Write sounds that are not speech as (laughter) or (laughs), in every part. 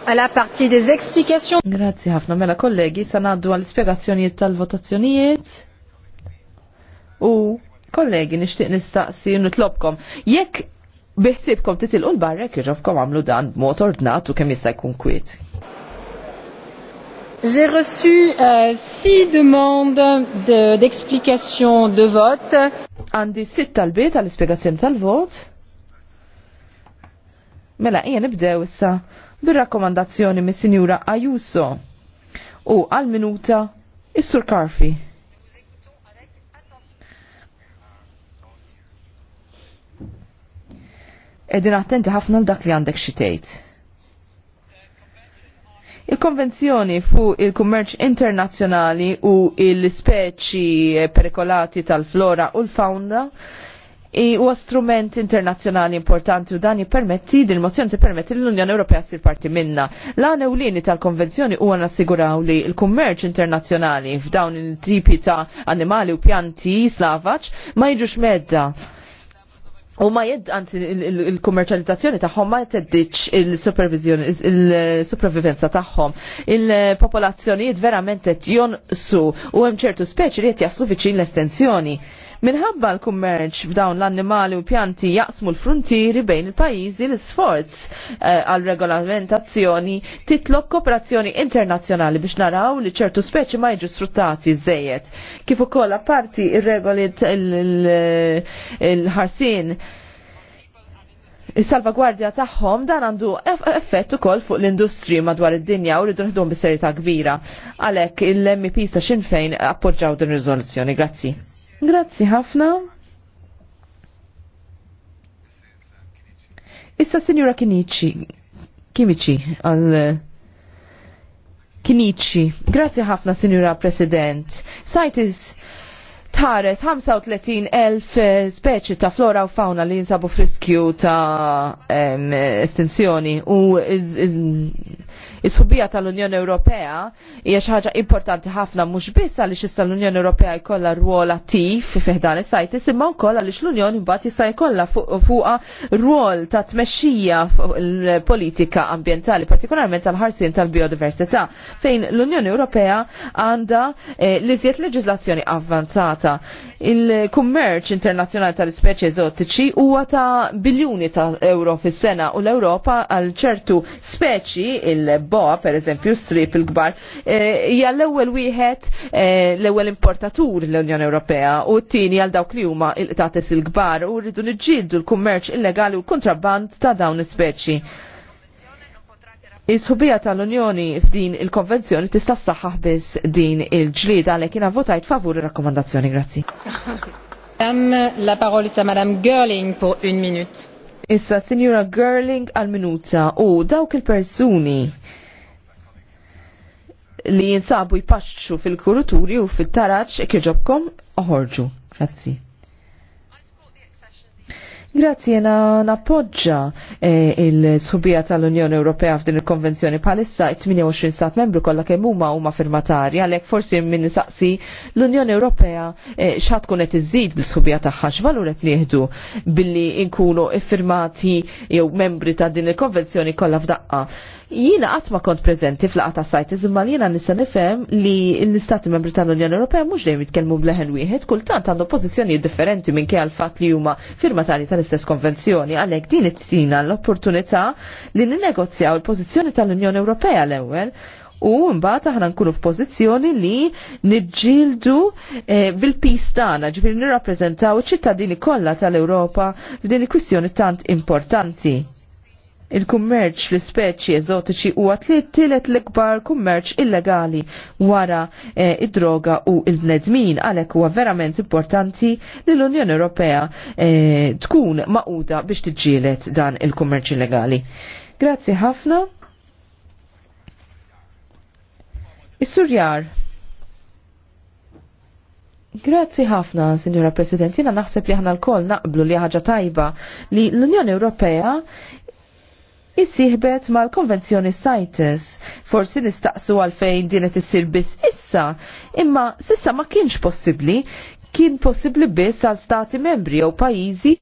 Għala parti des explications. Grazzi ħafna mela kollegi, sanaddu għal spiegazzjonijiet tal-votazzjonijiet. U kollegi, nishtiq nistaqsi nitlobkom. Jekk biħsibkom u l-barrek, irrobkom għamlu dan b'mod ordnat u kemm jista' jkun kwiet. J'ai reçu euh, six demandes d'explication de, de vote. Għandi sitt talbiet għall spiegazzjoni tal-vot. Mela, jien nibdew issa bir-rakkomandazzjoni mis-Sinjura Ayuso U għal-minuta is-Sur Karfi. Edin attenti ħafna l-dak li għandek xitejt. Il-konvenzjoni fu il-kummerċ internazzjonali u il-speċi perikolati tal-flora u l-fauna huwa strument internazzjonali importanti u dan jippermetti din il mozzjoni tippermetti l unjoni Ewropea ssir parti minna. l għan ewlieni tal-konvenzjoni huwa nassiguraw li l-kummerċ internazzjonali f'dawn il-tipi ta' animali u pjanti slavaċ ma jiġux medda. U ma jed anzi il-kommerċalizzazzjoni tagħhom ma teddiċ il-supervizjoni il-sopravivenza tagħhom. Il-popolazzjonijiet verament qed u hemm ċertu speċi li qed jaslu viċin l-estensjoni. Minħabba l-kummerċ f'dawn l-annimali u pjanti jaqsmu l-frontieri bejn il-pajjiżi l-sforz eh, għal regolamentazzjoni titlob kooperazzjoni internazzjonali biex naraw li ċertu speċi ma jiġu sfruttati żejjed. Kif ukoll apparti ir-regoli il-ħarsin Is-salvagwardja tagħhom dan għandu effett ukoll fuq l-industri madwar id-dinja u rridu nħdum bis-serjetà kbira. Għalhekk il-MPs ta' Sinn Fejn appoġġaw din riżoluzzjoni. Grazzi. Grazzi ħafna. Issa Sinjura Kinici, Kimici għal Kinici. Grazzi ħafna Sinjura President. Sajtis tħares 35.000 eh, speċi ta' flora u fauna li jinsabu friskju ta' em, estinzjoni u eh, Is-subija tal-Unjoni Ewropea hija xi ħaġa importanti ħafna mhux biss għaliex issa l-Unjoni Ewropea jkollha rwol attiv fi dan is-sajtis imma wkoll għaliex l-Unjoni mbagħad jista' jkollha fuqha rwol ta' tmexxija politika ambjentali, partikolarment tal-ħarsien tal-biodiversità, fejn l-Unjoni Ewropea għandha eh, liżjed leġislazzjoni avvanzata. Il-kummerċ internazzjonali tal-ispeċi eżotiċi huwa ta' biljuni ta' euro fis-sena u l-Ewropa għal ċertu speċi il boa, per eżempju, strip il-gbar, eh, hija l-ewwel wieħed eh, l-ewwel importatur l-Unjoni Ewropea u t-tieni għal dawk li huma il-qtates il-gbar u rridu niġġieldu l-kummerċ illegali u kontrabband ta' dawn ispeċi. Is-ħubija tal-Unjoni f'din il-konvenzjoni tista' saħħaħ biss din il ġlieda għalhekk jiena votajt favur ir-rakkomandazzjoni. Grazzi. (laughs) la paroli ta' Madame Görling pour une minute. Issa, Signora Görling għal minuta u dawk il-persuni li jinsabu jpaċċu fil-kuruturi u fil-taraċ kieġobkom oħorġu. Grazzi. Grazzi jena nappoġġa eh, il-subija tal-Unjoni Ewropea f'din il-konvenzjoni palissa 28 stat membru kollha kemm huma huma firmatari għalhekk forsi min saqsi l-Unjoni Ewropea eh, x'għad tkun qed iżid bis-subija tagħha x'valur qed nieħdu billi nkunu iffirmati jew membri ta' din il-konvenzjoni kollha f'daqqa. Jiena qatt ma kont preżenti fl-qaqa ta' sajt iżimma jiena nista' nifhem li l-Istati Membri tal-Unjoni Ewropea mhux dejjem jitkellmu bleħen wieħed, kultant għandhom pożizzjonijiet differenti minkejja l-fatt li huma firmatari tal tal-istess konvenzjoni għalhekk din it-tina l-opportunità li ninnegozjaw il-pożizzjoni tal-Unjoni Ewropea l-ewwel u mbagħad aħna nkunu f'pożizzjoni li niġġieldu eh, bil-pis tagħna, ġifieri nirrappreżentaw iċ-ċittadini kollha tal-Ewropa f'din il-kwistjoni tant importanti. Il-kummerċ fl-ispeċi eżotiċi huwa tielet l-ikbar kummerċ illegali wara eh, id-droga u il-bnedmin għalhekk huwa verament importanti li l-Unjoni Ewropea eh, tkun maquda biex tiġġielet dan il-kummerċ illegali. Grazzi ħafna. Is-surjar. Grazzi ħafna, Sinjora President. Jena naħseb li ħana l-koll naqblu li ħaġa tajba li l-Unjoni Ewropea isieħbet mal-konvenzjoni CITES. Forsi nistaqsu għalfejn din qed issir biss issa, imma sissa ma kienx possibbli, kien possibli biss għal stati membri jew pajjiżi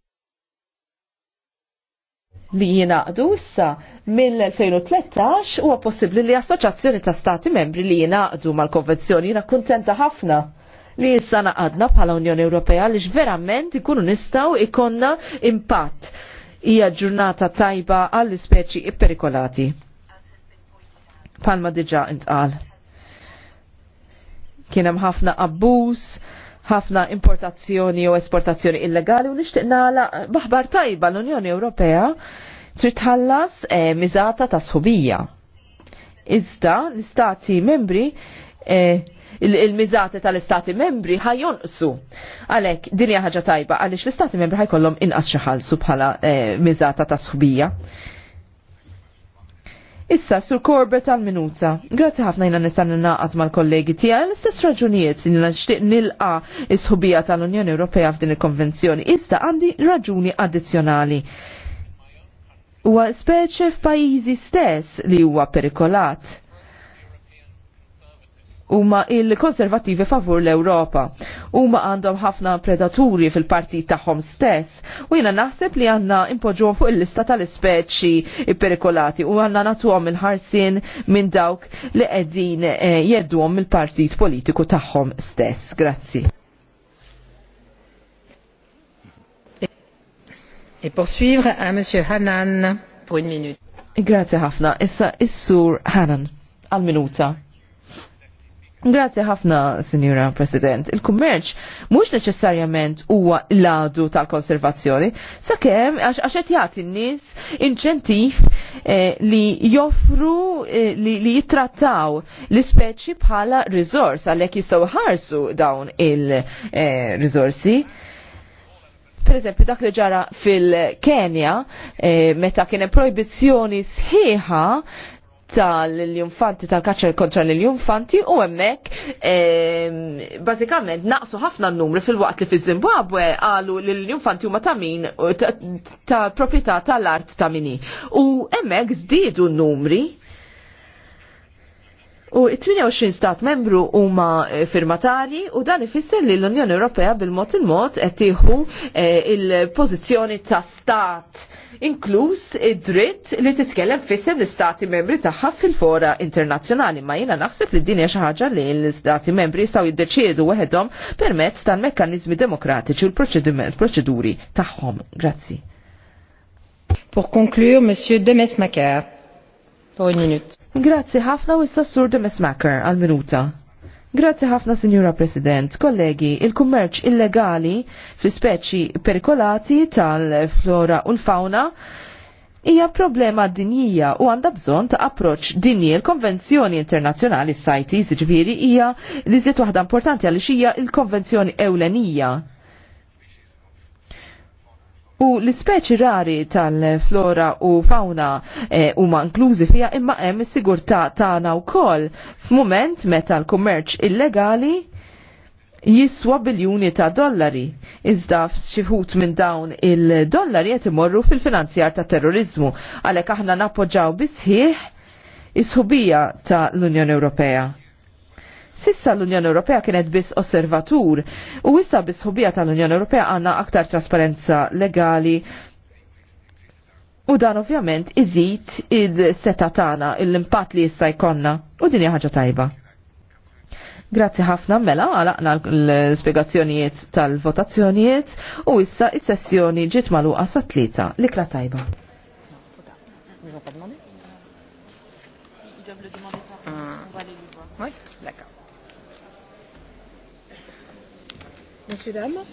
li jinaqdu issa l 2013 huwa possibbli li assoċjazzjoni ta' stati membri li jinaqdu mal-konvenzjoni jina kuntenta ħafna li issa naqadna bħala Unjoni Ewropea li verament ikunu nistaw ikonna impatt hija ġurnata tajba għall-ispeċi ipperikolati. Palma diġa intqal. Kien hemm ħafna abbuż, ħafna importazzjoni u esportazzjoni illegali u nixtieq nagħla baħbar tajba l-Unjoni Ewropea trid e, eh, mizata miżata ta' sħubija. Iżda l-istati membri e, il mizati tal-istati membri ħajjonqsu. Għalek, din hija ħaġa tajba għaliex l-istati membri ħajkollom inqas xi ħalsu bħala eh, miżata ta' sħubija. Issa, sur Corbett għal minuta. Grazzi ħafna jina nistan naqat mal-kollegi tija, l-istess raġunijiet li nixtieq nilqa is tal-Unjoni Ewropea f'din il-konvenzjoni. Issa għandi raġuni addizzjonali. Huwa speċi f'pajjiżi stess li huwa perikolat huma il-konservativi favur l-Ewropa. Huma għandhom ħafna predaturi fil-partit tagħhom stess u jiena naħseb li għandna impoġġuhom fuq il-lista tal-ispeċi perikolati u għandna nagħtuhom il-ħarsin minn dawk li qegħdin eh, jedduhom il-partit politiku tagħhom stess. Grazzi. Et poursuivre a Monsieur Hanan pour une minute. Grazie ħafna. Issa is-sur Hanan għal minuta. Grazie ħafna, Signora President. Il-kummerċ mhux neċessarjament huwa l-għadu tal-konservazzjoni, sakemm għax qed jagħti n-nies inċentiv eh, li joffru eh, li, jittrattaw l-ispeċi bħala riżors għalhekk jistgħu ħarsu dawn il-riżorsi. Eh, per eżempju dak li ġara fil-Kenja meta kien hemm proibizzjoni sħiħa tal-infanti tal-kaċċer kontra l-infanti u hemmhekk e, bażikament naqsu ħafna n-numri fil-waqt li fiż-Zimbabwe qalu l-infanti huma ta' min ta' proprjetà tal-art ta' mini. U hemmhekk żdiedu n-numri U 28 stat membru huma eh, firmatari u dan ifisser li l-Unjoni Ewropea bil-mod il-mod qed tieħu eh, il-pożizzjoni ta' stat inkluż id-dritt li titkellem fissem l-istati membri tagħha fil-fora internazzjonali ma jiena naħseb li din hija xi ħaġa li l-istati membri jistgħu jiddeċiedu weħedhom permezz tal-mekkaniżmi demokratiċi u l-proċeduri tagħhom. Grazzi. Pour conclure, Monsieur Macaire. Grazzi ħafna u issa sur de Mesmaker għal-minuta. Grazzi ħafna, Sinjura President. Kollegi, il-kummerċ illegali fl speċi perikolati tal-flora u l-fauna hija problema dinjija u għandha bżonn ta' approċ dinji. Il-Konvenzjoni Internazzjonali CITES ġifieri hija li żiet waħda importanti għaliex hija il-Konvenzjoni Ewlenija U l-ispeċi rari tal-flora u fauna eh, huma ma inklużi fija imma hemm is-sigurtà tagħna wkoll f'mument meta l-kummerċ illegali jiswa biljuni ta' dollari. Iżda f'xi minn dawn il-dollari qed imorru fil-finanzjar ta' terrorizmu għalhekk aħna nappoġġaw bisħieħ is-ħubija ta' l-Unjoni Ewropea Sissa l-Unjoni Ewropea kienet biss osservatur u issa biss ħubija tal-Unjoni Ewropea għandna aktar trasparenza legali U dan ovvjament iżid il-seta tagħna l-impatt li jista' jkollna u din hija ħaġa tajba. Grazzi ħafna mela għalaqna l-spiegazzjonijiet tal-votazzjonijiet u issa is-sessjoni ġiet magħluqa sa tlieta l-ikla tajba. Ah. Ouais, d'accord. Messieurs, dames.